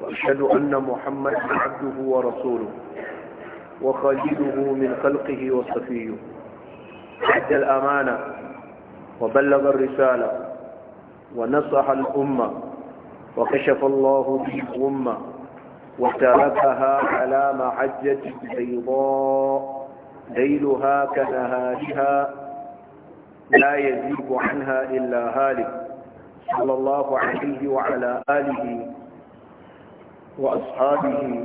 وأشهد أن محمدا عبده ورسوله وخليله من خلقه وصفيه أدى الأمانة وبلغ الرسالة ونصح الأمة وكشف الله به الأمة وتركها على معجة بيضاء ليلها كنهارها لا يزيد عنها إلا هالك صلى الله عليه وعلى آله وأصحابه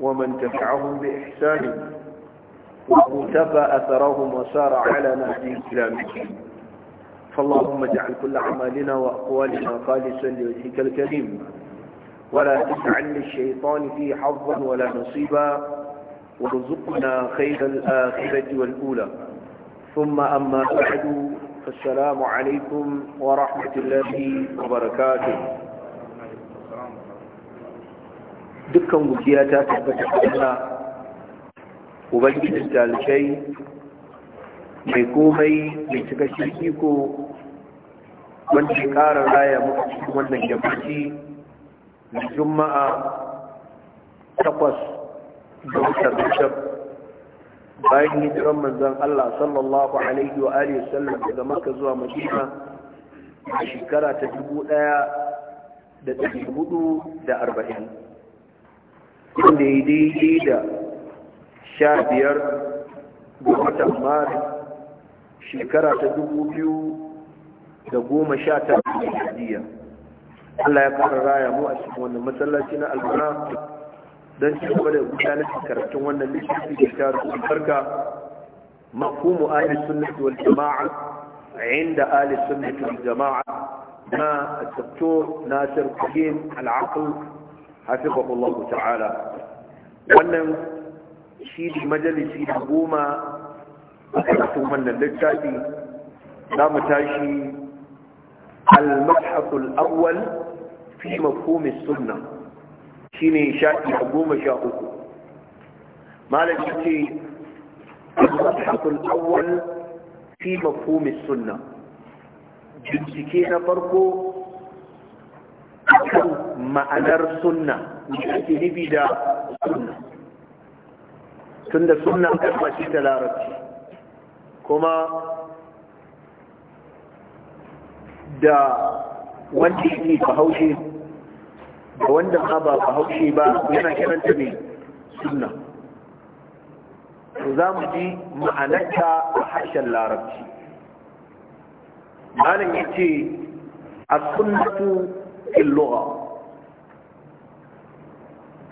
ومن تبعهم بإحسان وقتفى أثرهم وسار على نهجه إلى فاللهم اجعل كل أعمالنا وأقوالنا خالصا لوجهك الكريم ولا تجعل للشيطان فيه حظا ولا نصيبا وارزقنا خير الآخرة والأولى ثم أما بعد فالسلام عليكم ورحمة الله وبركاته dukkan gudiya ta tabbata Allah ubangijin talibai mai komai mai cikakken iko wanda ya ƙara raya muku cikin wannan yammaci na juma'a takwas da wutar bishop bayan hijiran manzan Allah sallallahu alaihi wa alihi sallam daga maka zuwa madina a shekara ta dubu ɗaya da ɗari hudu da arba'in wanda daidai da sha biyar ga watan maris shekara ta dubu biyu da goma sha tara Allah ya fara raya mu a cikin wannan masallaci na albana don ci gaba da gudanar da karatun wannan littafi da ta rufe farka mafhumu ahli sunnati wal jama'a inda ahli sunnati wal jama'a na الدكتور ناصر كريم العقل حفظه الله تعالى wannan shi ne majalisi da goma a karatun wannan littafi za mu tashi al-mashaful awwal fi mafhumis sunna shine a goma sha uku malam ce al-mashaful awwal fi mafhumis sunna bincike na farko ma'anar sunna da ake nufi da sunna tun da sunna kalma ce ta larabci kuma da wanda yake bahaushe da wanda ma ba bahaushe ba yana kiranta ne sunna za mu ji ma'anarta a harshen larabci malam ya ce a sunnatu illura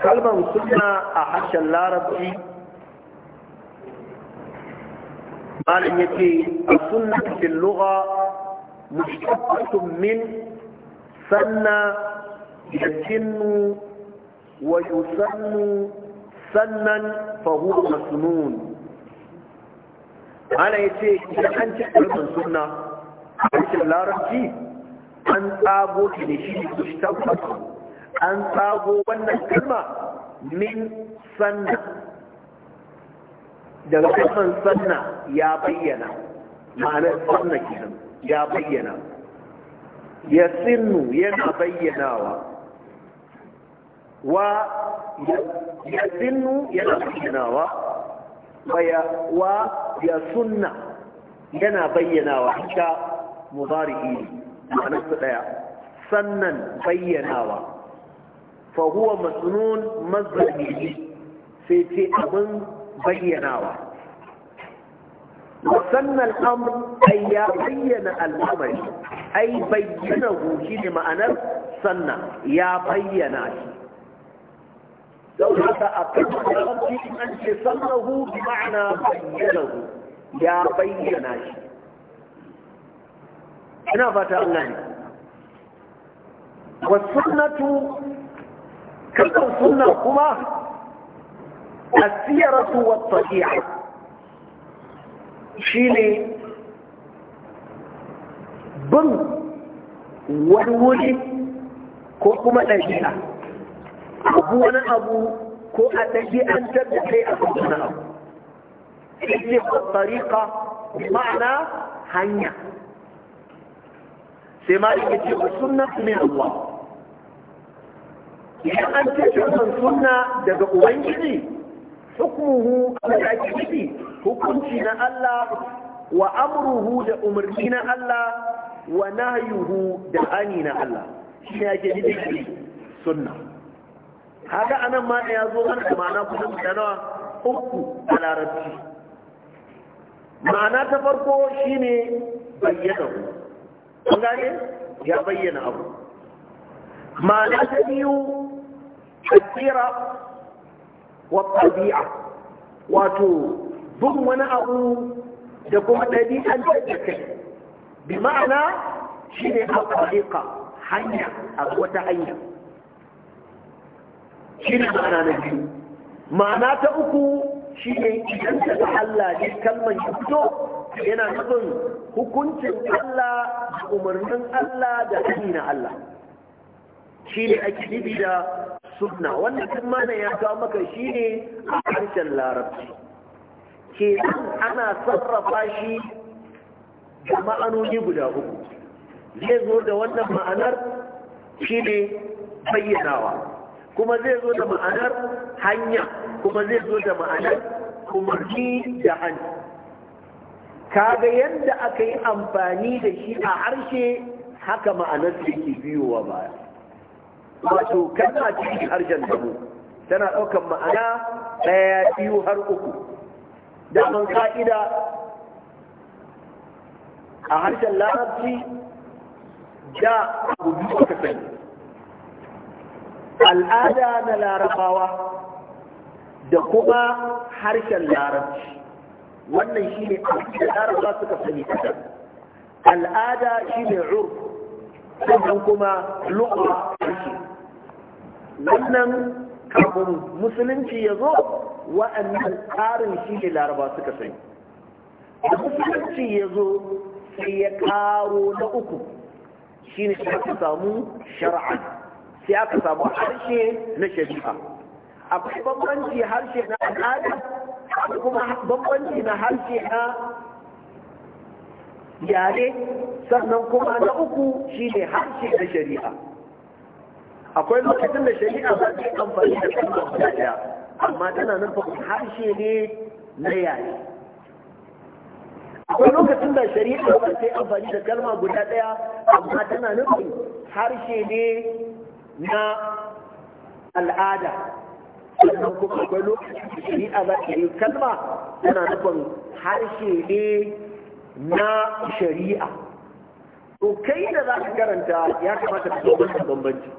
kalmar suna a harshen larabci malam yake a sunna fil lugha mushtaqatun min sanna yasinnu wa yusannu sannan fa huwa masnun ana yace idan an ci kalmar sunna a harshen larabci an tsabo shi ne shi mushtaqatun an tsago wannan kalma min sanna daga kalman sanna ya bayyana ma'anar sanna kenan ya bayyana ya sinnu yana bayyanawa wa ya sinnu yana bayyanawa wa ya sunna yana bayyanawa haka mubari'i ma'anarsa daya sannan bayyanawa fahuwa matsunon mazzargi sai ce abin bayyanawa musamman amur ai ya bayyana al'amari ai bayyana goshi ne ma'anar sannan ya bayyana shi sau da ta akwai an ce sannan hu ma'ana bayyana hu ya bayyana shi ina fata allani wasu natu kallon sunan kuma a siyarar suwar fahiyar shi ne bin wani wuri ko kuma ɗabi'a abu wani abu ko a ɗabi'antar da kai a kusurna abu ita ko tariƙa ma'ana hanya sai ma'aikaci a sunan su Allah idan an ce sunna daga ubangiji hukunci na Allah wa amruhu da umarni na Allah wa nahyuhu haka anan ma ya zo mana da ma'ana kusan da nawa uku a larabci ma'ana ta farko shine bayyana ku an gane ya bayyana abu ma'ana ta biyu akira wa ɗabi'a wato bin wani abu da kuma ɗabi'an da ta kai bi ma'ana shi ne alƙariƙa hanya a wata hanya shi ne ma'ana na biyu ma'ana ta uku shine ne idan ta ga Allah ne kalmar shi yana nufin hukuncin Allah da umarnin Allah da hanyar Allah shine ne ake nufi da sunna wannan duk mana ya kawo maka shi ne a harshen larabci ke nan ana sarrafa shi da ma'anoni guda uku zai zo da wannan ma'anar shi ne bayyanawa kuma zai zo da ma'anar hanya kuma zai zo da ma'anar umarni da hannu kaga yadda aka yi amfani da shi a harshe haka ma'anar da ke biyowa baya wato kalma ce harshen damu tana ɗaukar ma'ana ɗaya biyu har uku daman ka'ida a harshen larabci da abu biyu aka sani al'ada na larabawa da kuma harshen larabci wannan shi ne da larabawa suka sani al'ada shi ne urf sannan kuma lura wannan kafin musulunci ya zo wa'annan tsarin shi ne laraba suka sani da musulunci ya zo sai ya karo na uku shi ne aka samu shar'an sai aka samu harshe na shari'a akwai bambanci harshe na al'ada kuma bambanci na harshe na yare sannan kuma na uku shi ne harshe na shari'a akwai lokacin da shari'a ba ta amfani da kalma guda ɗaya amma tana nan nufin harshe ne na yare akwai lokacin da shari'a ba ta amfani da kalma guda ɗaya amma tana nan fa harshe ne na al'ada sannan kuma akwai lokacin da shari'a ba ta yi kalma tana nufin harshe ne na shari'a to kai da za ka karanta ya kamata ka zo wannan bambanci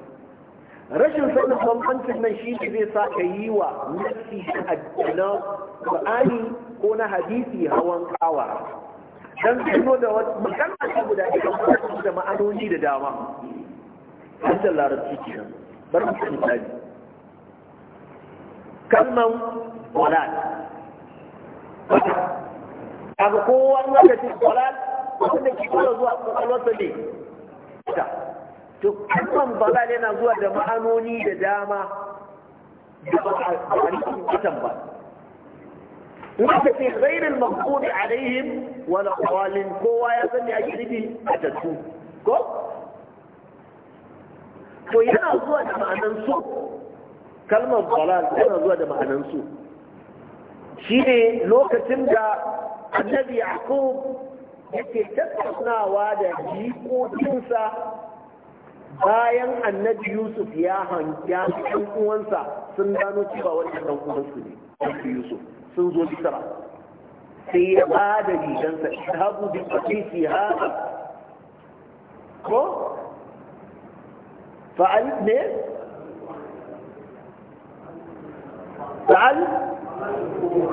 rashin sanin bambancin nan shi ne zai sa ka yi wa nassi na Qur'ani ko na hadisi hawan kawa dan zo da wata magana ta guda ɗaya da ma'anoni da dama da larabci nan bar mu san misali kalman walad kaga kowa in ka ce walad wanda ke kula zuwa kwakwalwarsa ne to kalman balal yana zuwa da ma'anoni da dama da ba a rikin ba in aka ce a maghdubi wani wala kowa ya san a ake a tattu ko to yana zuwa da ma'anan su kalmar balal yana zuwa da ma'anan su shine lokacin da annabi yaqub yake tattaunawa da jikokinsa bayan annabi yusuf ya hanga cikin uwansa sun gano cewa wannan ɗan uwansu ne annabi yusuf sun zo bisara sai ya ba da rigansa ihabu bi qatisi hada ko fa'al ne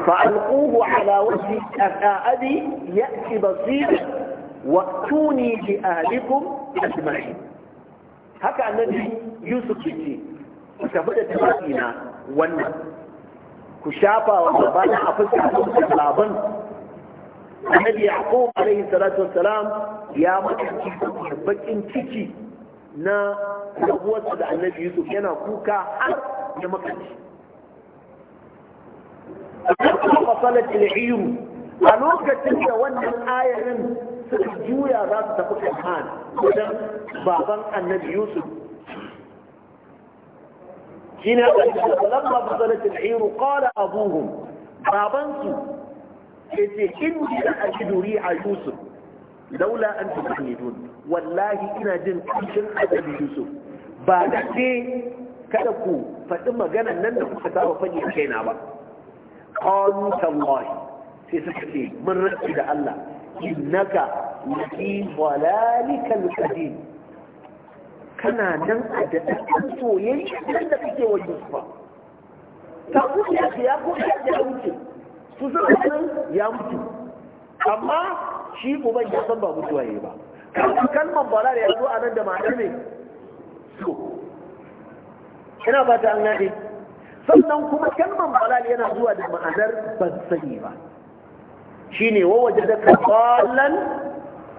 فألقوه على وجه أبي يأتي بصير واتوني بأهلكم أجمعين haka annabi yusuf ce ku tafi da tufafi na wannan ku shafa wa babana a fuska da laban annabi yaqub alaihi salatu wassalam ya makanci bakin ciki na rabuwarsa da annabi yusuf yana kuka har ya makanci fasalat al-ayyu a lokacin da wannan ayarin suka juya za su tafi kan'an wajen baban annabi yusuf shine lamma fasalat al-ayr qala abuhum babansu yace inni la duri a yusuf laula an tuhamidun wallahi ina jin kishin annabi yusuf ba da ce kada ku faɗi maganan nan da kuka saba fani kaina ba qalu tallahi sai suka ce mun rantsi da Allah innaka lafi walalika alqadim kana nan a da ɗan soyayya da kake wa Yusufa ta kuma ya kuɗi ya wuce su nan ya mutu amma shi kuma ya san ba mutuwa ya ba kalmar balar ya zo a nan da ma'anar ne so ina ba ta an gane sannan kuma kalmar balar yana zuwa da ma'anar ban sani ba Shi ne wa da dallan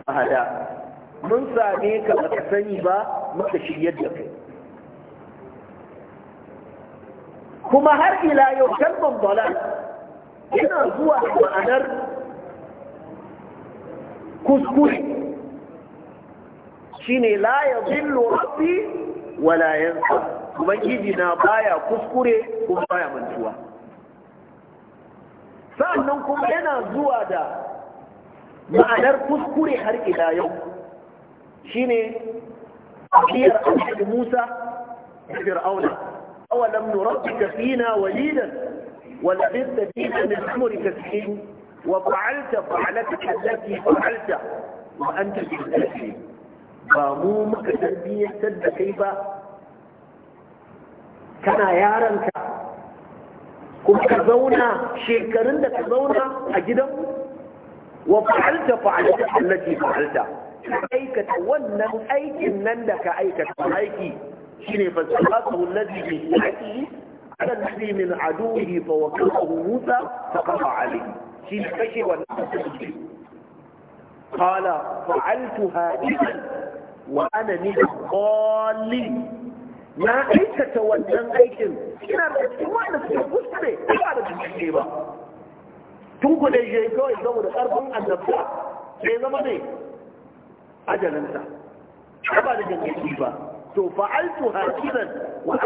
hada mun same ka baka sani ba muka shiryar da kai kuma har ila yau kalmar dalal yana zuwa ma'anar kuskure shine la yadhillu rabbi wala yansa ubangiji na baya kuskure kuma baya mantuwa sa'annan kuma yana zuwa da ma'anar kuskure har ila yau shine akiyar annabi Musa da Fir'auna awalam nurabbika fina walidan wa labista fina min umrika sinin wa fa'alta fa'alataka allati fa'alta wa anta bi ba mu muka tarbiyyantar da kai ba kana yaranka kuma ka zauna shekarun da ka zauna a gidan? wa fa'alta fa'alta allati fa'alta aikata wannan aikin nan da ka aikata aiki shine fa salatu allazi bi yaqi ala allazi min aduhi fa waqahu musa fa qafa alayhi shi kashe wannan qala fa'altuha idan wa ana min qalin na aikata wannan aikin ina da cikin wanda suka kuskure ba da bincike ba tun da shi kawai saboda karfin annabta sai zama ne ajalinsa ba da bincike ba to fa'altu hakinan wa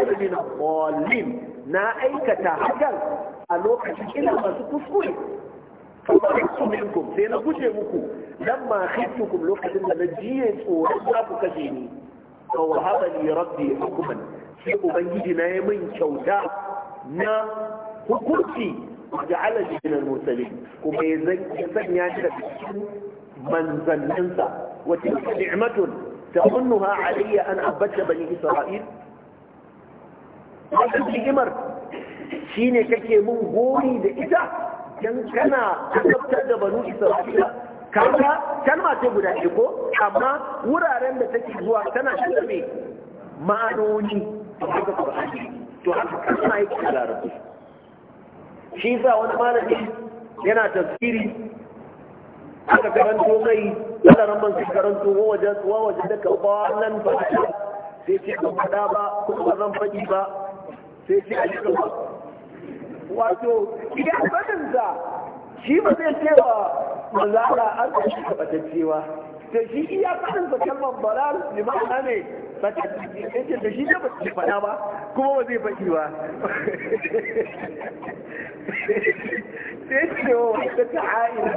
ana min na aikata hakan a lokacin ina masu kuskure فبرئت منكم سينا كجي مكو لما خفتكم لوكتن لجيه صورة لا fa wahaba li rabbi hukman shi ubangiji na ya mun kyauta na hukunci ja'ala li min al-mursalin kuma ya sanya shi daga cikin manzanninsa wa tilka ni'matun ta'unnuha alayya an abada bani isra'il wannan ni'imar shine kake mun gori da ita dan kana tabbatar da banu isra'ila kaga kalma ce guda ɗaya ko amma wuraren da take zuwa tana shiga mai ma'anoni daga Qur'ani to haka kalma yake da larabci shi yasa wani malami yana tafsiri aka karanto mai tsararin man su karanto ko wajen da karɓa nan ba sai ce ba faɗa ba kuma ba zan faɗi ba sai ce a cikin ba wato idan sanin da shi ba zai ce wa manzara an ka shi ka bataccewa da shi iya kanin sa kalmar balal limana ne cikin da shi ne ba su faɗa ba kuma ba zai faɗi ba sai ce wa wata ta aina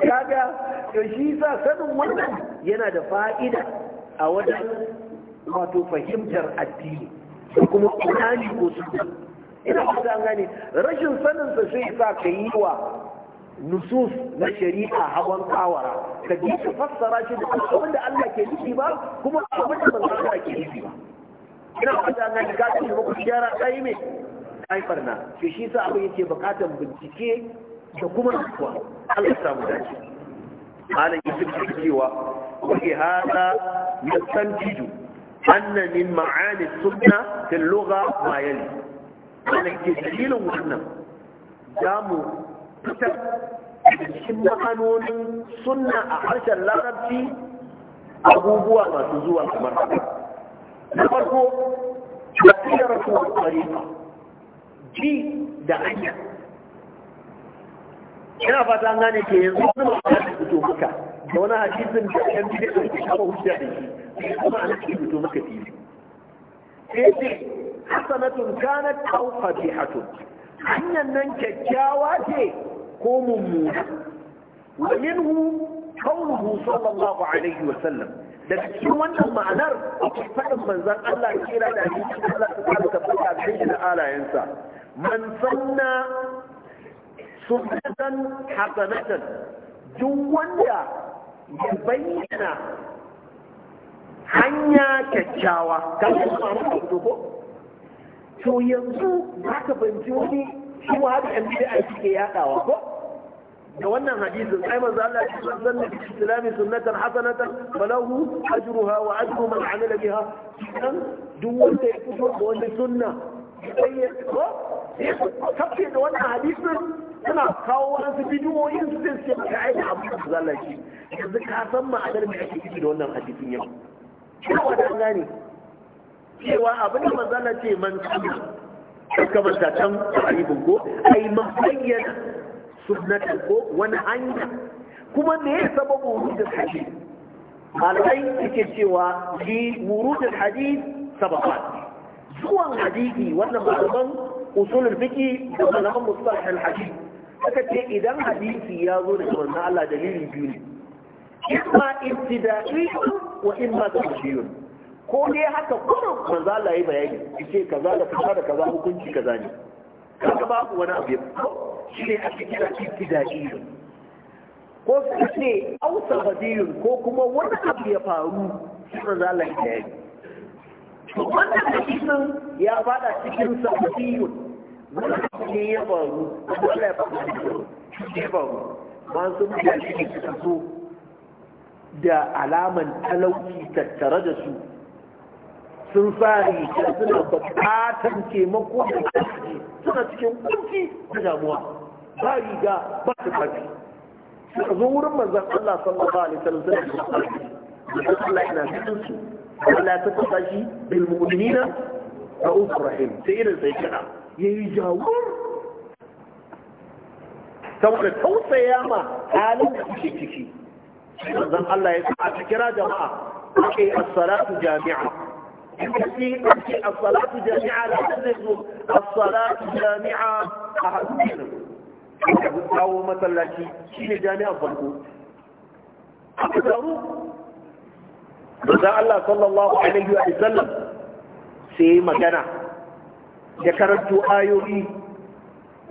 kaga da shi sa sanin wannan yana da fa'ida a wajen wato fahimtar addini da kuma kunani ko su ina kusa gani. gane rashin saninsa sai sa ka yi wa nusus na shari'a hawan kawara ka ji ka fassara shi da abin da Allah ke nufi ba kuma abin da manzon Allah ke nufi ba ina fata na ka ci muku shara kai me kai farna shi shi sa abin yake bukatan bincike da kuma kuwa Allah ta samu dace malam yusuf cewa wa hada yastantiju anna min ma'ani sunna fil lugha ma yali wannan ke dalilin wannan zamu fitar da cikin ma'anonin suna a harshen larabci abubuwa masu zuwa kamar haka na farko da tafiyar rasuwar tsarika ji da hanya ina fata an gane ke yanzu wani ma'ana da fito muka, da wani hadisin da ɗan fiye da ke kama hujja da shi sai kuma ana ke fito muka fili sai ce hasanatun kanat aw hatun, hanyar nan kyakkyawa ce ko mummuna wa minhu qawluhu sallallahu alaihi wa sallam daga cikin wannan ma'anar akwai faɗin manzon Allah ya kira da shi Allah ta fara tabbata da shi da alayansa man sanna sunnatan hasanatan duk wanda ya bayyana hanya kyakkyawa kan kuma ko to yanzu za ka banci wani shi ma haka yan bid'a suke yaɗawa ko da wannan hadisin ai manzo Allah ya ce zan nabi islami sunnatan hasanatan falahu ajruha wa ajru man amila biha dan duk wanda ya fito da wani sunna sai ya ko sai da wannan hadisin suna kawo wasu bidiyoyin su sai su ka aika abu da zalaki yanzu ka san ma adal mai ake ciki da wannan hadisin yau wanda da gane cewa abin da manzo Allah ce man sunna kamar ta can a ko ai man bayyana sunnatan ko wani hanya kuma me ya sababu wurudin hadith malamai suke cewa li wurudin hadith sababat zuwan hadisi wannan malaman usulul fiqi da malaman mustalah al hadith aka ce idan hadisi ya zo da manzo Allah dalilin biyu ne imma ibtida'i wa imma tashiyun ko dai haka kuma manzo Allah yayi bayani yace kaza da kaza da kaza hukunci kaza ne kaga babu wani abu shi ne ake kira ibtida'iyun ko su ce ausa badiyun ko kuma wani abu ya faru shi manzo Allah ya yi wannan hadisin ya fada cikin sabiyun wani abu ne ya faru Allah ya faru shi ya faru masu mutane ne suka da alaman talauci tattare da su sun sa ke suna bukatar taimako da kasance suna cikin kunci da damuwa ba riga ba su kafi suka zo wurin manzan Allah sallallahu alaihi wasallam suna da kafi Allah yana cikin su Allah ta kasa shi bil mu'minina ra'uf rahim sai irin sai kana yayi jawur saboda tausaya ma halin da kuke ciki manzan Allah ya sa a kira jama'a ake as-salatu jami'a في الصلاة جامعة لا تدرك الصلاة جامعة أحد أو مثلا شيء جامعة أكثروا الله صلى الله عليه وسلم sai magana da karanto ayoyi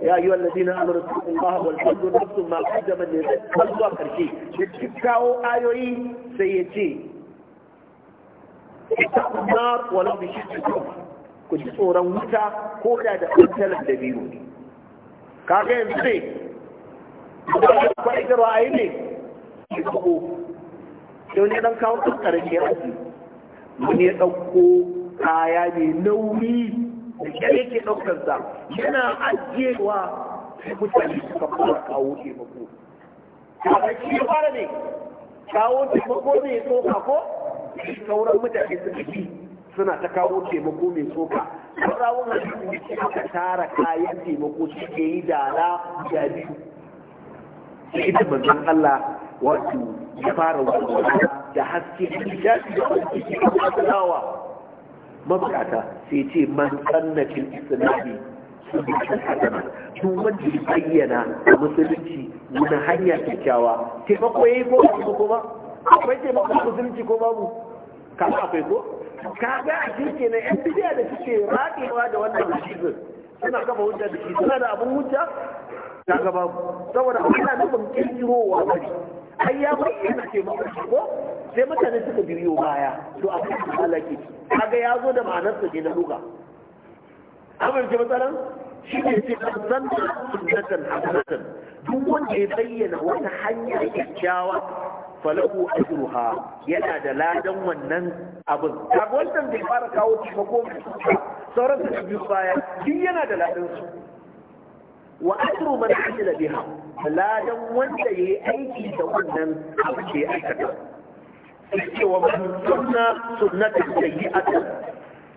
ya yi wallazi na amur Allah wal fadlu nafsu ma qaddama li zuwa karshe da kawo ayoyi sai ya ce ittaqun nar walau bi shiqqi ku ji tsoron wuta ko da da kantalan da biyu ne kaga yanzu ne da kwai da ra'ayi ne ya ko yau ne dan kawo kankarin ke rafi mun ya dauko kaya ne nauyi da yake daukar sa yana ajiyewa su mutane suka fara kawo taimako kaga shi fara ne kawo taimako ne ya ka ko sauran mutane suka bi suna ta kawo taimako mai tsoka saurawun hadisi aka tara kayan taimako ke yi dala da biyu sai ita manzon Allah wato ya fara wani da haske ya fi da wani ta kawo mabukata sai ce man tsannafin islami sun hasana duk wanda ya bayyana a musulunci wani hanya kyakkyawa taimako ya yi ko ba akwai taimakon musulunci ko babu kama akwai ko ka ga a shi na yan bidiya da suke raɗewa da wannan hadisin suna kafa hujja da shi suna da abin hujja ta gaba saboda ana nufin wa bari ai ya bayyana ce maka ko sai mutane suka biyo baya to a kan Allah kaga ya zo da ma'anar sa ne na luga amin ke matsalan shi ne ce kan zanta sunnatan hasanatan duk wanda ya bayyana wata hanya kyakkyawa falahu ajruha yana da ladan wannan abin kaga wannan bai fara kawo taimako sauran su biyu baya duk yana da ladan su wa ajru man amila biha ladan wanda yayi aiki da wannan abu da ya aikata sai wa man sunna sunnatan sayyi'atan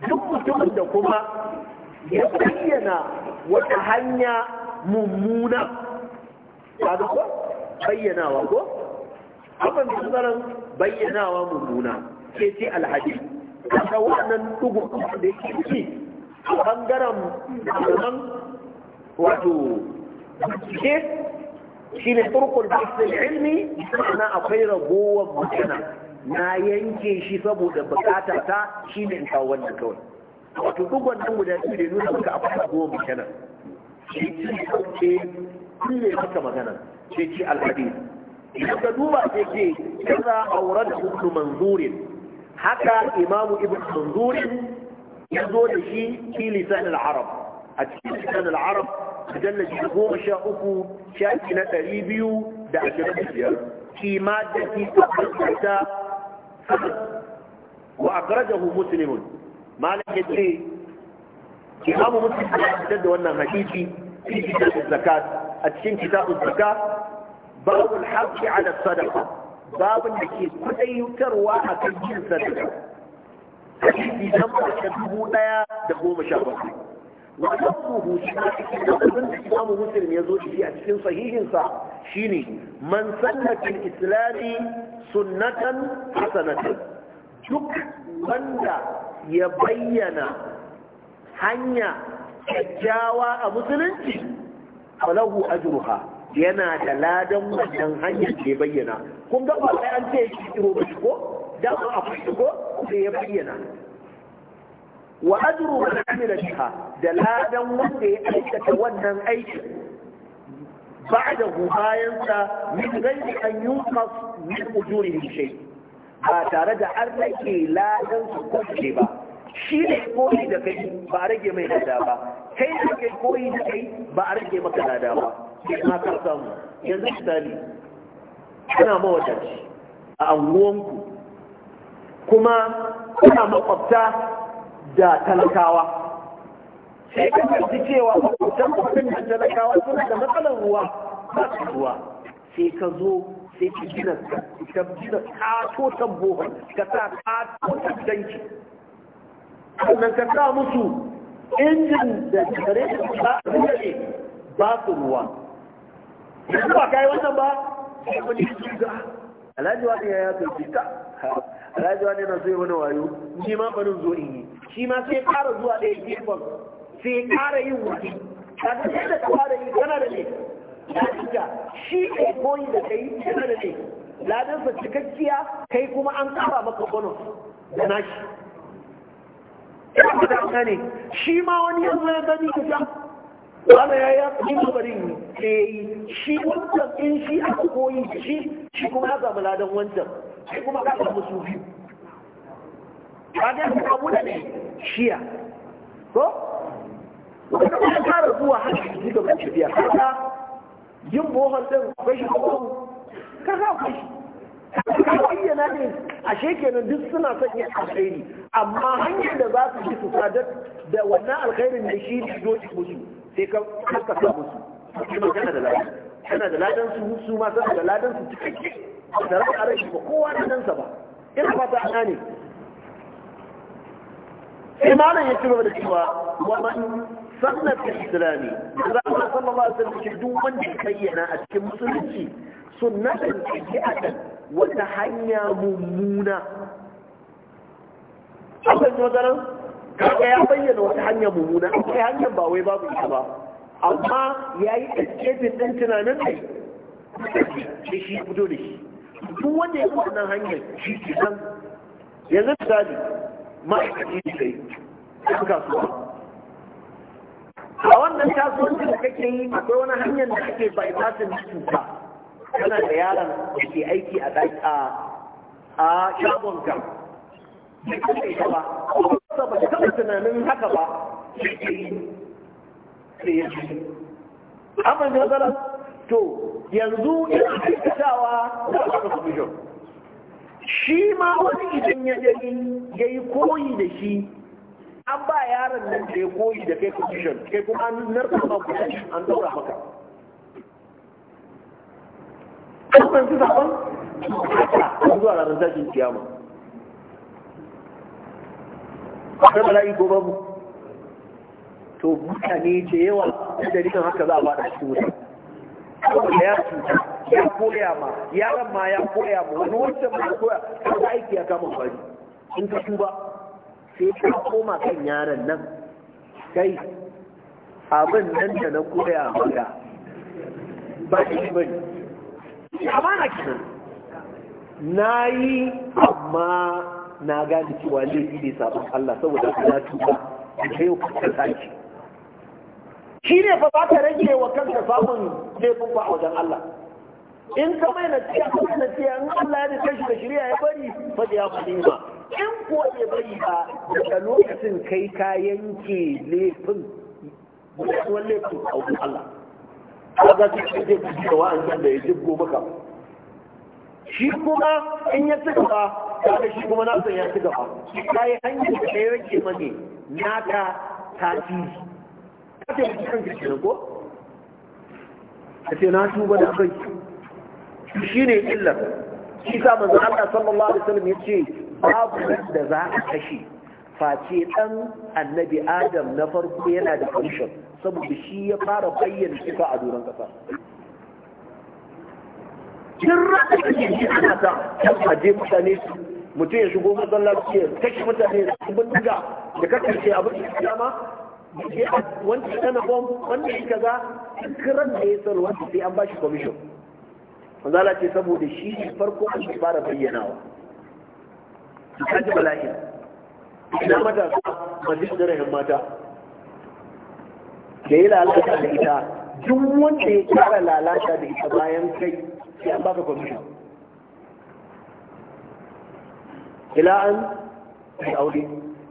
duk mutumin da kuma ya bayyana wata hanya mummuna kaga ko bayyanawa ko abin bangaren bayyanawa mummuna ke ce alhaji kaga wannan dugu da yake ciki ɓangaren malaman wato ke shi ne turkul basul ilmi na akwai ragowar magana na yanke shi saboda bukata ta shi ne in kawo wannan kawai wato duk wannan guda biyu da nuna maka akwai ragowar magana shi ce kulle maka magana sai ce alhadis idan ka duba sai ke kaza aurat ibn manzurin haka imamu ibn manzurin ya zo da shi fi lisan al-arab a cikin lisan al-arab mujallad goma sha uku shafi na ɗari biyu da ashirin da biyar kima da ki tabbata wa akrajahu muslimun malam yace imamu muslim ya fitar da wannan hadisi fi kitab zakat a cikin kitab zakat Babu haqqi ala sadaqa da ke kudaitarwa akan yin sadaqa hadisi namba ta dubu daya da goma sha bakwai wa dabbuhu shi ne abin da imamu muslim ya zo shi a cikin sahihinsa shine man sannatin islami sunnatan hasanatan duk wanda ya bayyana hanya kyakkyawa a musulunci falahu ajruha yana da ladan wannan hanyar ke bayyana kun ga ba sai an ce shi kiro ba ko da ba a ko sai ya bayyana wa ajru man amila biha da ladan wanda ya aikata wannan aikin ba'da bayan sa min ghairi an yunka min ujurihi shay ba tare da an ladan su ko ba shi ne koli da kai ba rage mai da ba kai da kai koyi da kai ba a rage maka lada ba sai ma ka samu yanzu misali kana mawadaci a anguwanku kuma kuna makwabta da talakawa sai ka karfi cewa makwabtan mutum da talakawa suna da matsalar ruwa ba su ruwa sai ka zo sai ka gina ka gina katotan bohon ka sa katotan danki sannan ka sa musu injin da tare da ne ba su ruwa yanzu ba kai wannan ba sai wani shi ga alhaji wani ya yato shi ka alhaji wani na so wani wayo shi ma barin zo in yi shi ma sai kara zuwa ɗaya gefen sai kara yin wani kafin yadda ka fara yi kana da ne ya cika shi ne koyi da kai kana da ne ladansa cikakkiya kai kuma an ƙara maka bonus da nashi ya da gane shi ma wani yanzu ya gani ka ja wanda ya yi yin barin da ya yi shi wancan in shi aka koyi shi shi kuma ya samu ladan wancan shi kuma ka samu su biyu ba da ya samu da ne shiya ko wanda kuma fara zuwa haka shi gaba tafiya kaga yin bohon din akwai shi kuma kaga akwai shi bayyana ne ashe kenan duk suna son yin alkhairi amma hanyar da za su ji su sadar da wannan alkhairin da shi ne doki musu sai ka haka sa musu kuma kana da ladan kana da ladan su su ma sana da ladan su cikakke da ran arai ba kowa da nan sa ba ina fata ana ne sai malam ya ciro da cewa wa man sanna fil islami da Allah sallallahu alaihi wasallam duk wanda ya bayyana a cikin musulunci a tabi'atan wata hanya mummuna akwai wazaran kaga ya bayyana wata hanya mummuna akwai hanyar ba wai babu ita ba amma ya yi escaping ɗan tunanin ne da shi fito da shi duk wanda ya wannan hanyar shi ke san yanzu misali ma'aikaci da kai ɗan kasuwa a wannan kasuwancin da kake yi akwai wani hanyar da ake bypassing cuta kana da yaron da ke aiki a ɗaki a shagon ka ita ba ba ba ta taɓa tunanin haka ba sai ke yi. amma da matsala to yanzu ina aikatawa da ba ka shi ma wani idan ya ya yi koyi da shi an ba yaron nan da ya koyi da kai condition kai kuma an narka ma an daura maka kuma su zaɓen zuwa ranar tashin kiyama akwai bala'i ko babu to mutane yawa da dalilin haka za a bada shi wuta yaran ma ya koya ma wani wancan ma kan yaran nan da na koya maka ba shi amana kenan na yi amma na gane cewa laifi ne sabon Allah saboda na tuba da yau ka sake shi ne fa ba ka rage wa kanka samun laifin ba wajen Allah in ka mai na tiya ka na tiya in Allah ya dace shi da shirya ya bari fa da ya fadi ma in ko ya bari ba daga lokacin kai ka yanke laifin wannan laifin a wajen Allah ka za su ce zai kuji da wa'ancan da ya jibgo maka shi kuma in ya ci gaba ta da shi kuma nasan ya ci gaba ta yi hanyar da ta yi rage mani na ta tafi ka ce mutu kan kirkirin ko ka ce na tuba da kai shi ne illar shi sa manzo Allah sallallahu alaihi wasallam ya ce babu da za a kashe face ɗan annabi adam na farko yana da function saboda shi ya fara bayyana sifa a doron ƙasa kin rasa kake shi ana ta kaje mutane mutum ya shigo masallaci ya kashe mutane da abin diga da kakkace abin da dama wanda tana bom wanda ya kaza kiran da ya tsaro wanda sai an bashi commission manzala ce saboda shi farko an fara bayyanawa kaji bala'in ina matasa masu jiragen mata da ya lalata da ita duk wanda ya kara lalata da ita bayan kai sai an baka kwamishin ila an yi aure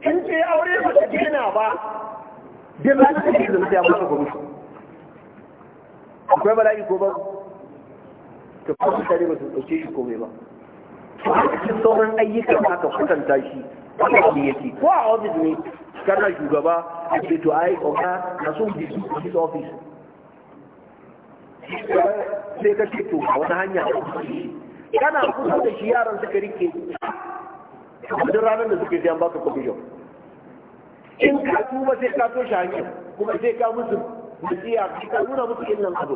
in ce aure ba ta dena ba dai ba ta ce zama sai an baka kwamishin akwai bala'i ko ba ta kwamishin ne ba su ɗauke shi komai ba to haka cikin sauran ayyukan haka kwatanta shi wani abu ko shugaba a to ai na ofis sai ka ce to hanya kana kusa da shi yaran suka rike da suke baka in ka tuba sai ka toshe hanyar kuma sai ka musu ka nuna musu illan abu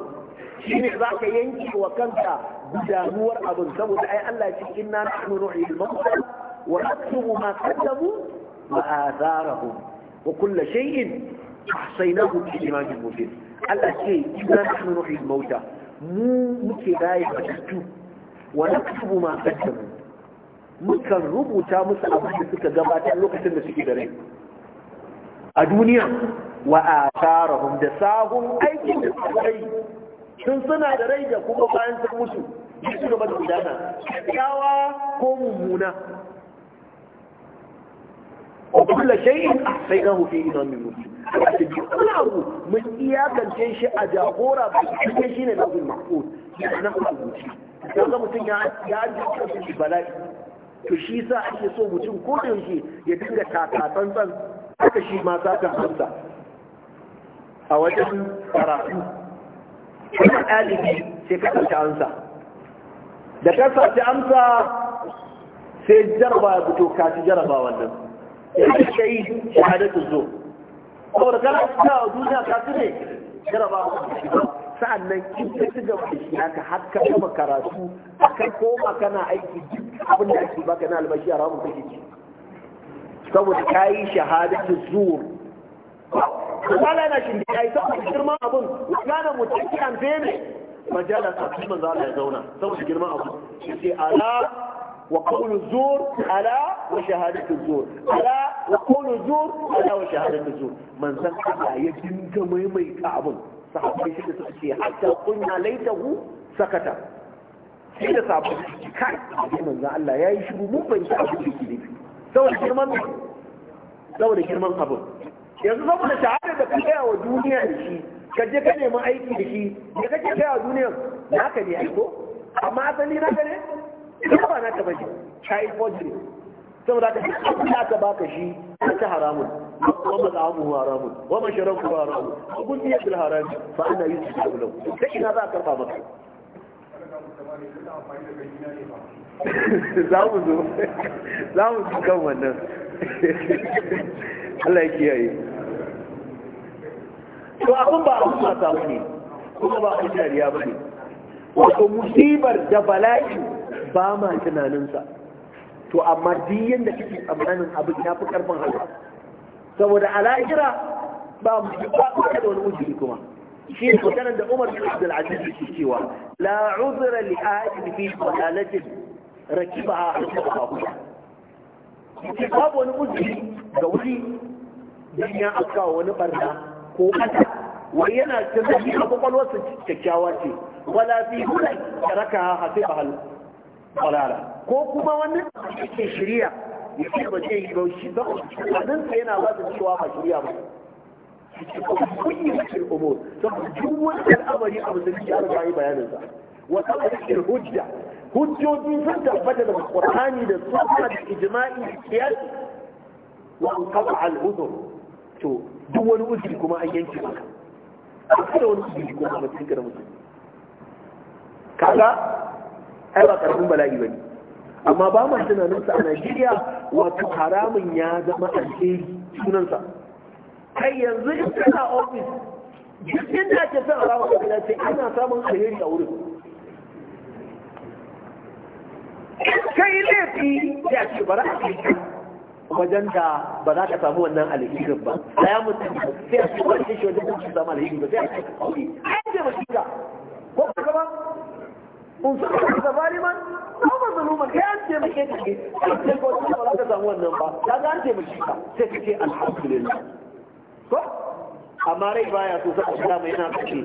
shi ne za ka yanke wa kanka gudanuwar abin saboda ai Allah ya ce inna nahnu nuhyil mawta ونكتب ما كتبوا وآثارهم وكل شيء أحصيناه في إمام مبين الله شيء إذا نحن نحيي الموتى مو مكراية مكتوب ونكتب ما قدموا mukan rubuta musu abin da suka gabatar lokacin da suke da rai a duniya wa a tarahun da sahun aikin da suka yi sun suna da rai da kuma bayan sun mutu su gaba da gudana kyakkyawa ko mummuna وكل شيء أحصيناه في إمام مبين كل أبو من إياك الجيش أجاغورا بجيشين الأرض المحفوظ نحن أبو kaga mutum ya ya shi bala'i to shi sa ake so mutum ko da yake ya dinga taka tsantsan haka shi ma ka hamsa a wajen karatu kuma ɗalibi sai ka amsa da ka amsa sai jarba ya fito ka ci jaraba wannan da suka yi shahadatu zo saboda kana ta duniya ka su ne jarabawa sa'an nan in ka ci gaba da shi haka har ka gama karatu ka koma kana aiki duk abin da ake baka na albashi a ramun kake ci saboda ka yi shahadatu zuwa Kala na shi da ya yi saboda girman abin wakana mutum ki an bene majalar a cikin manzo Allah ya zauna saboda girman abin sai ala وقول الزور ألا وشهادة الزور ألا وقول الزور ألا وشهادة الزور من سمع يجنك ميمي كعب صحابي شد سكتي حتى قلنا ليته سكت سيدة صحابي كاي من ذا الله يا يشبه مبين صحابي شكي saboda girman saboda girman abin yanzu saboda shahada da ka gaya wa duniya da shi ka je ka nemi aiki da shi da kake a duniyar duniya naka ne aiko amma asali naka ne duk ba naka bane kai forgery saboda haka duk abin da aka baka shi ta haramun wa mat'amuhu haramun wa mashrabuhu haramun wa kulli bil haram fa ana yusibu lahu sai ina za ka karba maka za mu zo za mu zo kan wannan Allah ya kiyaye to abin ba abin mata bane kuma ba abin dariya bane wato musibar da bala'i ba ma tunaninsa to amma duk yadda kake tsammanin abin ya fi karfin haka saboda ala'ira ba mu ba da wani ujiri kuma shi ne maganar da Umar bin Abdul Aziz yake cewa la uzra li ahadin fi dalalatin rakibaha al-qahu babu wani ujiri ga wani dan ya afka wani barna ko kata wai yana ta zai a kwakwalwarsa kyakkyawa ce wala fi hulai raka hafi a balala ko kuma wani ke shirya ya ce ba zai yi bauchi ba abin sa yana ba da cewa ba shirya ba kunyi cikin umur saboda duk wani al'amari a musulunci an bayi bayanin sa wata cikin hujja hujjoji sun tabbata daga qur'ani da sunna da ijma'i da qiyas wa an qata al udhur to duk wani uzuri kuma an yanke maka kada wani uzuri kuma mutum kada mutum kaga ai ba karfin bala'i ba ne. amma ba ma tunanin sa a Najeriya wato haramun ya zama alheri sunan sa kai yanzu in kana office duk inda ake son rawa ka sai ana samun alheri a wurin kai laifi ya ce bara a kai wajen da ba za ka samu wannan alherin ba ya mutu sai a cikin wani shi wajen da samu alherin ba sai a cikin kawai ai ce ba shi ko ba ka ba in su ka zaliman ko ba zaluman kai an ce mai kake sai ko ba za ka samu wannan ba ka ga an ce mai shika sai ka ce alhamdulillah ko amma rai baya so sai ka mai yana kace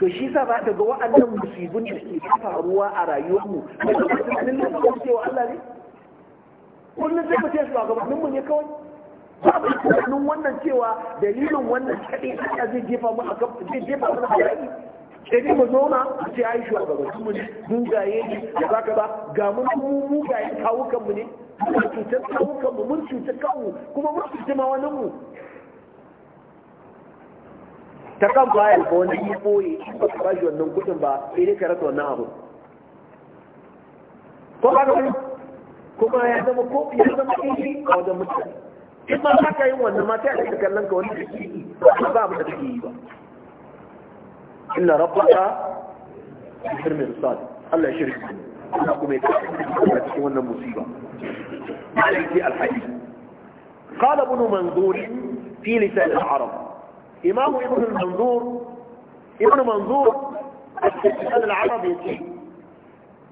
to shi sa ba ka ga wa'annan musibin da ke faruwa a rayuwarmu kai ka tunanin lokacin cewa Allah ne kullum sai mu ce su ba gabaninmu ne kawai babu tunanin wannan cewa dalilin wannan kaɗai a zai jefa mu a zai jefa mu a sai dai mu zauna a ce ai shugabannin mu ne mugaye ne da za ka ba ga mu mu mugaye kawukan mu ne mun cutar kawukan mu mun cutar kawu kuma mun cutar ma wani mu ta kan bayan ko wani yi boye ba ka ba shi wannan kudin ba sai dai karatu wannan abu ko ba ka kuma ya zama ko ya zama kishi a wajen mutane in ma haka yin wannan ma sai a kallon ka wani da ba mu da take yi ba إلا ربك يحرم الرسالة ألا يشرك إلا قميت ولا تكون مصيبة عليك الحديث قال ابن منظور في لسان العرب إمام ابن المنظور ابن منظور لسان العرب يتيه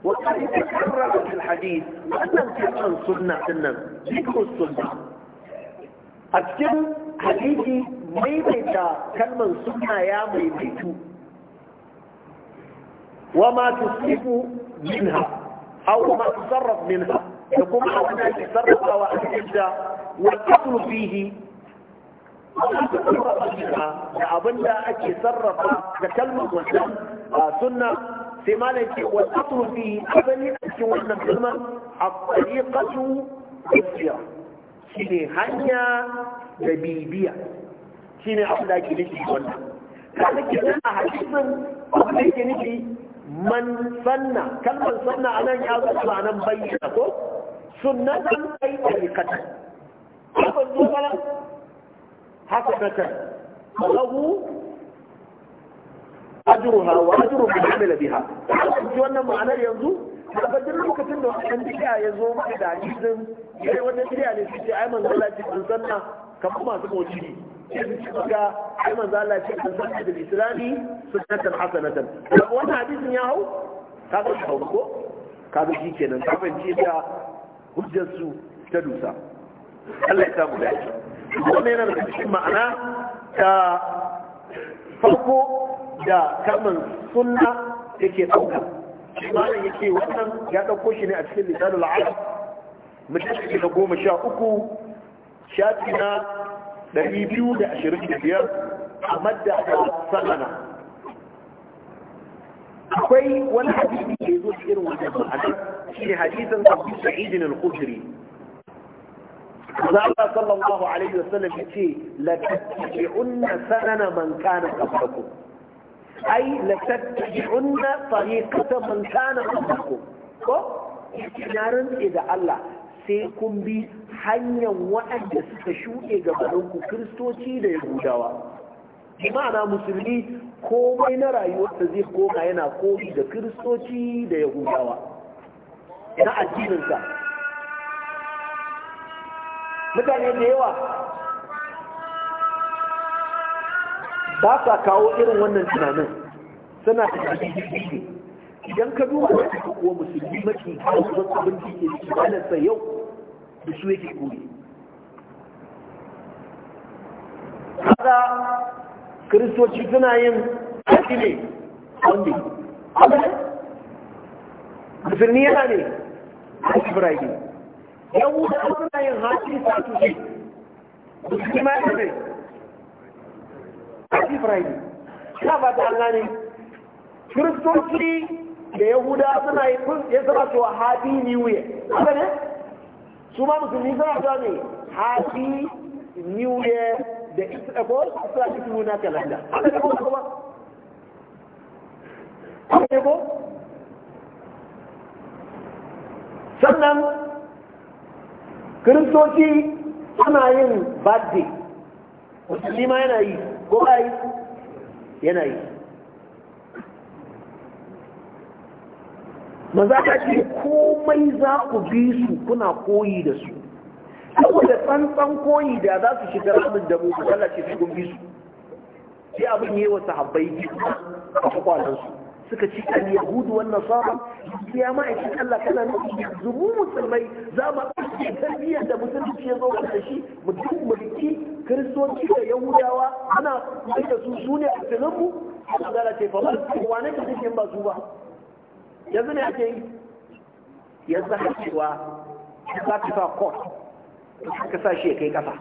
وكان يتكرر في الحديث وأنا كان صدنا سنة ذكر السنة أكتب حديثي ميتة كلمة سنة يا ميتة وما تصرف منها أو ما تصرف منها يقوم أن تصرف أو أن تبدأ والأصل فيه da abin da ake sarrafa da kalmar wannan sunna sai ma ne ce wal aslu fi asali a cikin wannan kalmar at-tariqatu wasira shine hanya da bibiya shine abin a man sanna kalmar sanna a nan ya zo nan bayyana ko sunnatan ai tarikatan abin zo kala kan lahu ajruha wa ajru man amila biha shi wannan ma'anar yanzu daga duk lokacin da wannan bid'a ya zo maka da hadisin sai wannan bid'a ne shi ai manzo Allah ji sanna kamar masu mawjidi sai su ga ai manzo Allah ce an san da islami sunnatan hasanatan wannan hadisin ya hau ka ga hau ko ka ga shi kenan ka fahimci da hujjar su ta dusa Allah ya samu dace wannan yana da cikin ma'ana ta farko da kalmar sunna yake dauka malam yake wannan ya dauko shi ne a cikin lisanul arab mutum da goma sha uku shafi na 225 a madda da sallana. akwai wani hadisi da ya zo cikin wannan ma'ana shi ne hadisin abu sa'idin al-khudri Allah sallallahu alaihi wasallam ya ce la tattabi'unna sanana man kana qablakum ai la tattabi'unna tariqata man kana qablakum ko ina rantsi da Allah sai kun bi hanyar waɗanda suka shuɗe gabaninku kiristoci da yahudawa ma'ana musulmi komai na rayuwarsa zai koma yana komi da kiristoci da yahudawa na addininsa mutane da yawa ba sa kawo irin wannan tunanin suna da idan ka duba da kuwa musulmi mafi kawo wasu abin da ke cikin yau da su yake kuri haka kiristoci suna yin aiki ne wanda musulmi yana ne aiki da yahuda suna yin haƙi satusi musulmi ma yana ne aiki birane suna ba ta Allah ne kiristoci da yahuda suna yi kun ya zama su wahabi new year haka ne suma musu musulmi za a gane happy new year da ita ko suna cikin nuna kalanda haka ne ko kuma haka ne ko sannan kiristoci suna yin birthday musulmi ma yana yi ko ba yi yana yi maza ta ce komai za ku bi su kuna koyi da su saboda tsantsan koyi da za su shiga ramin da mu Allah ce cikin bi su sai abin yi wa sahabbai a su, suka ci kan yahudu wan nasara ya ma aikin Allah kana nufi yanzu musulmai za mu ɗauke tarbiyyar da musulunci ya zo da shi mu duk mulki kiristoci da yahudawa ana mai da su su ne a filin a Allah ce fa ba wane ka ba su ba yanzu ne ake yi yanzu haka cewa za ka sa court ka sa shi ya kai kasa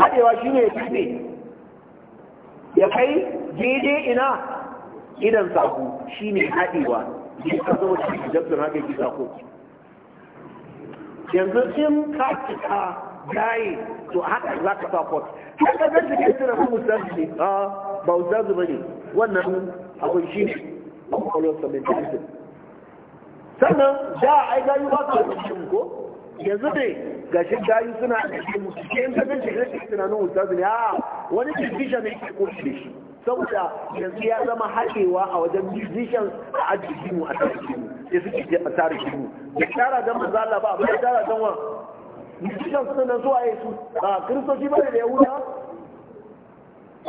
haɗewa shi ne ya tuɓe ya kai daidai ina idan sako shi ne haɗewa ya ka zama shi jabtar haɗe ki sako yanzu in ka cika gaye to haka za ka sa court haka zai cika ita da kuma musamman ne a ah, ba wuzazu ne wannan abin shi ne kwakwalwarsa mai jirgin sannan da ai gayu ba su da cikin ko yanzu ne ga shi gayu suna da cikin musu ke yin kafin shigar cikin tunanin ustazu ne a wani musician ne ke kurshi shi saboda yanzu ya zama haɗewa a wajen musician a ajiye mu a tarihi mu ya suke je a tarihi mu da tara don mazala ba abin da tara don wa musician suna nan zuwa yesu a kiristoci ba da yahuda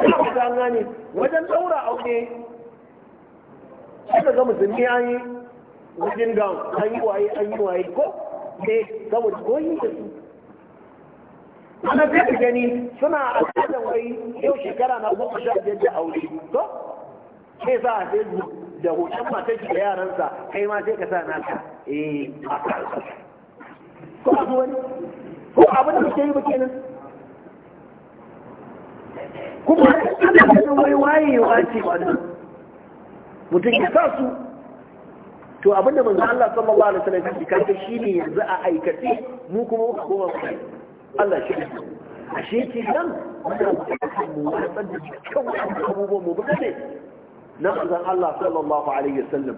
ina ba gane wajen daura aure aka ga musulmi an yi wajen da an yi waye an yi waye ko ne eh, saboda koyi da su ana fiye da gani suna al'adan wai yau shekara na goma sha biyar da aure to sai sa a facebook da hoton matar da yaransa kai ma sai ka sa na ka eh a kansa ko abu wani ko abin da kuke yi ba kenan kuma ana da wai waye ce wannan mutum ya sa su to abinda manzo Allah sallallahu alaihi wasallam yake kanta shine yanzu a aikace mu kuma muka koma mu Allah shi ne a shi ke nan wanda mu wasan da kyau abubuwan mu ba ne na manzo Allah sallallahu alaihi wasallam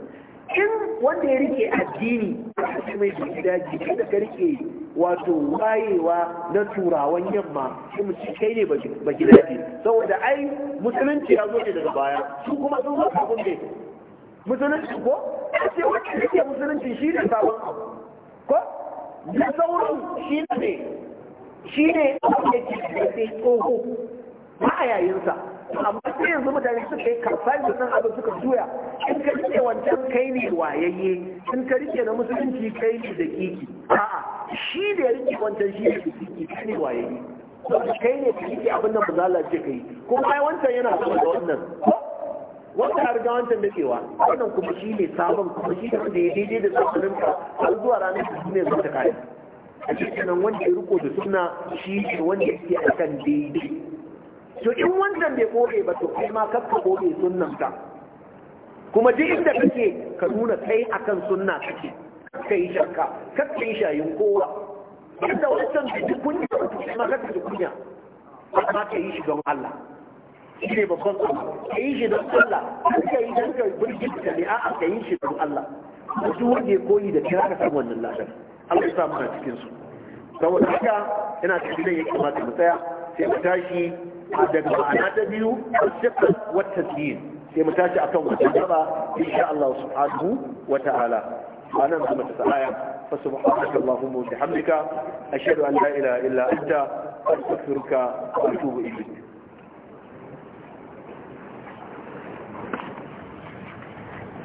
in wanda ya rike addini a mai da jiki da ka rike wato wayewa na turawan yamma shi mu ci kai ne ba gida saboda ai musulunci ya zo ne daga baya su kuma sun zo kafin ne musulunci ko a ce wacce yake musulunci shi ne sabon abu ko na sauran shi ne shi ne abu da ke da tsoho ba a yayinsa amma sai yanzu mutane suka yi karfai da san abin suka juya in ka rike wancan kai ne wayayye in ka rike na musulunci kai ne da kiki a'a shi da ya rike wancan shi ne da kiki kai ne wayayye kai ne da kiki abin da ba za ce kai kuma ai wancan yana zama da wannan wanda har ga wancan dadewa wannan kuma shi ne sabon kuma shi ne wanda ya daidai da sabon ka har zuwa ranar da duniya zai ta kare a cikin wanda ya riko da suna shi ne wanda yake kan daidai to in wannan bai kore ba to kai ma kakka kore sunnan ka kuma duk inda kake ka nuna kai akan sunna kake kai yi shakka kakka yi shayin kowa inda wancan duk kunya kuma kakka kunya amma ka yi shi don Allah shi ne babban abu ka yi shi don Allah ka yi don ka burge ka ne a'a ka yi shi don Allah ko duk ya koyi da kira ka samu wannan ladan Allah ya sa mu cikin su saboda haka yana cikin nan ya kamata mu tsaya sai mu tashi daga ma'ana ta biyu al-siqr wata tasyin sai mu tashi akan wannan gaba insha Allah subhanahu wa ta'ala anan kuma ta sa'aya, fa subhanaka allahumma wa bihamdika ashhadu an la ilaha illa anta astaghfiruka